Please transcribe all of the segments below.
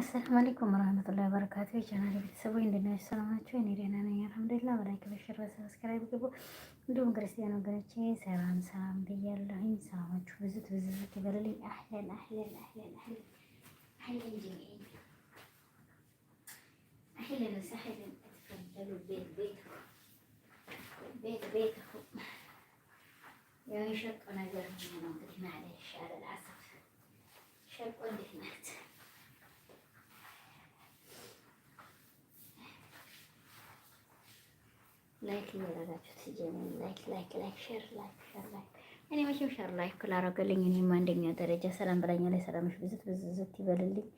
አሰላሙ አለይኩም ወራህመቱላሂ ወበረካቱ። የቻናል ቤተሰቦች እንደምን ናችሁ? ሰላም ናችሁ? እኔ ደህና ነኝ አልሐምዱሊላህ። በላይክ በሽር በሰብስክራይብ ግቡ። እንዲሁም ክርስቲያን ወገኖቼ ሰላም ሰላም ብያለሁኝ። ሰላማችሁ ብዝት ብዝት ይበልልኝ። አህለን አህለን አህለን ነገር ነው ላይክ እያደረጋችሁት ጀምሩ። ላይክ ላይክ ላይክ ሼር ላይክ ሼር ላይክ እኔ መቼም ሼር ላይክ ላረገልኝ እኔም አንደኛ ደረጃ ሰላም ብላኛ ላይ ሰላምሽ ብዝት ብዝት ይበልልኝ።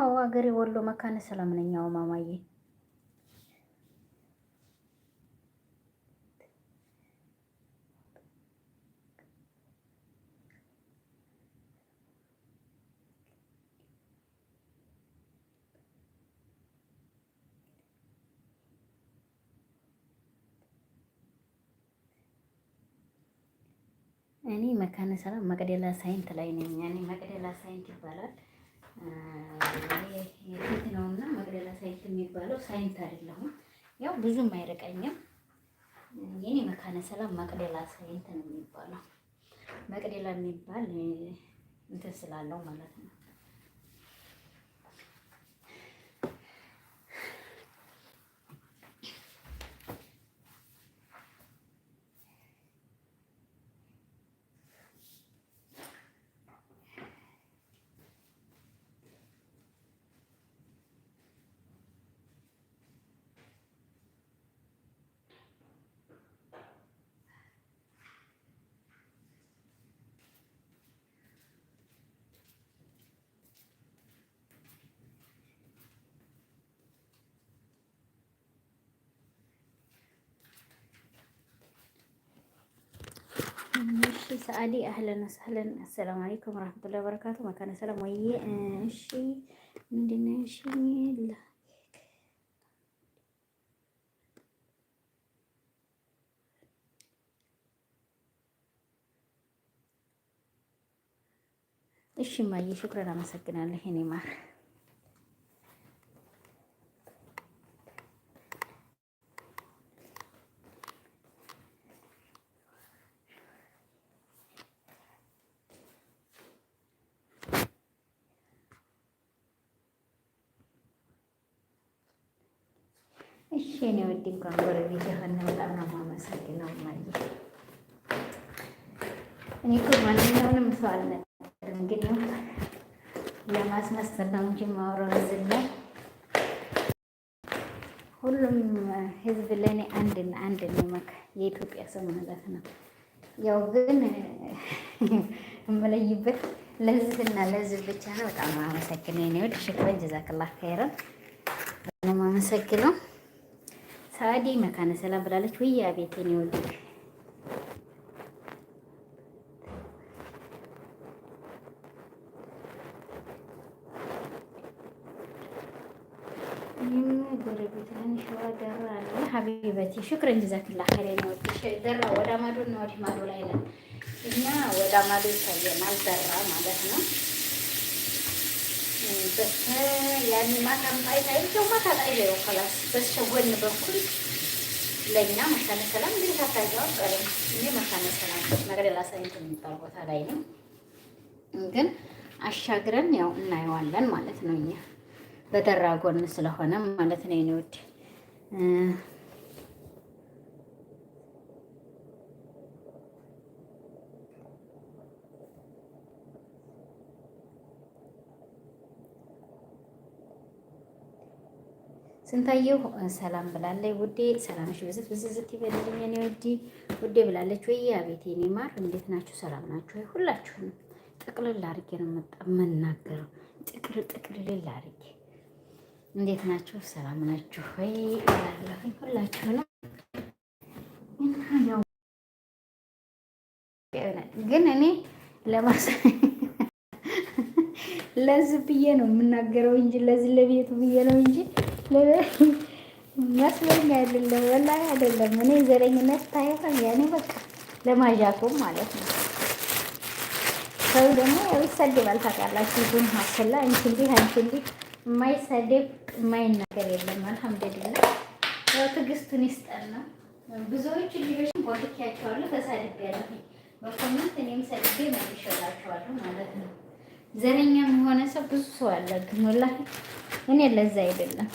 አዎ አገሬ ወሎ መካነ ሰላም ነኝ። አዎ ማማዬ እኔ መካነ ሰላም መቅደላ ሳይንት ላይ ነኝ። እኔ መቅደላ ሳይንት ይባላል የፊት ነውና መቅደላ ሳይንት የሚባለው ሳይንት አይደለሁም። ያው ብዙም አይርቀኝም። የኔ መካነ ሰላም መቅደላ ሳይንት ነው የሚባለው። መቅደላ የሚባል እንትን ስላለው ማለት ነው። እሺ ሰአሊ አህለን ወሰህለን አሰላሙ አለይኩም ወራህመቱላሂ ወበረካቱ። መካነ ሰላም ወይ እሺ፣ ምንድን ነው እሺ ሚል እሺ፣ ማየ ሹክራን አመሰግናለሁ። እኔ ማር እሺ እኔ ወዲ እንኳን ጎረቤት የሆነ በጣም ነው የማመሰግነው። ማለት እኔ እኮ ማንኛውንም ሰው አልነገርም፣ ግን ለማስመሰል ነው እንጂ የማወራው ህዝብ ሁሉም ህዝብ ለእኔ አንድና አንድ ነው፣ የኢትዮጵያ ሰው ማለት ነው። ያው ግን የምለይበት ለህዝብና ለህዝብ ብቻ ነው። በጣም አመሰግነው የኔ ወድ ሽክረን ጀዛክላ ከይረን ነው የማመሰግነው። ሳዲ መካነ ሰላም ብላለች። ውይ አቤቴን ይወድ ጎረቤትህን ሀቢበቲ ሽክረን ጀዛክላ ኸይረን ይወድሽ ደራ ወደ ማዶ እና ወዲህ ማዶ ላይ ነን እኛ ወደ ማዶ ይታየናል ደራ ማለት ነው። ያን ማታም አይታይም። ያው ማታ ላይ ነው ከላስ በስተጎን በኩል ለኛ መካነ ሰላም እንግዲህ ታታያው ቀረ እኔ መካነ ሰላም መቅደላ ሳይንት የሚባል ቦታ ላይ ነው፣ ግን አሻግረን ያው እናየዋለን ማለት ነው። እኛ በደራ ጎን ስለሆነ ማለት ነው። እኔ ወድ ስንታየሁ ሰላም ብላለች። ውዴ ሰላምሽ ብዝት ብዝዝት ይበልልኝ የኔ ውዴ ውዴ ብላለች። ወይ አቤት የኔ ማር እንዴት ናችሁ? ሰላም ናችሁ ወይ? ሁላችሁንም ጥቅልል አድርጌ ነው የምናገረው። ጥቅል ጥቅልል አድርጌ እንዴት ናችሁ? ሰላም ናችሁ ወይ እላለሁኝ ሁላችሁንም። ግን እኔ ለማስ ለዚህ ብዬ ነው የምናገረው እንጂ ለዚህ ለቤቱ ብዬ ነው እንጂ መስሎኝ አይደለም፣ ወላሂ አይደለም። እኔ ዘረኝነት ታይቷል። ያኔ በቃ ለማዣቶም ማለት ነው። ሰው ደግሞ ያው ይሰድባል ታውቃላችሁ። ዙም ሀሰላ አንቺ እንዲህ አንቺ እንዲህ የማይሰድብ የማይናገር የለም። አልሐምዱሊላ ያው ትዕግስቱን ይስጠና። ብዙዎች ልጆችን ቆልኪያቸዋለሁ፣ ተሳድቤያለሁ። በኮመንት እኔም ሰድቤ መልሼላቸዋለሁ ማለት ነው። ዘረኛ የሆነ ሰው ብዙ ሰው አለ፣ ግን ወላሂ እኔ ለዛ አይደለም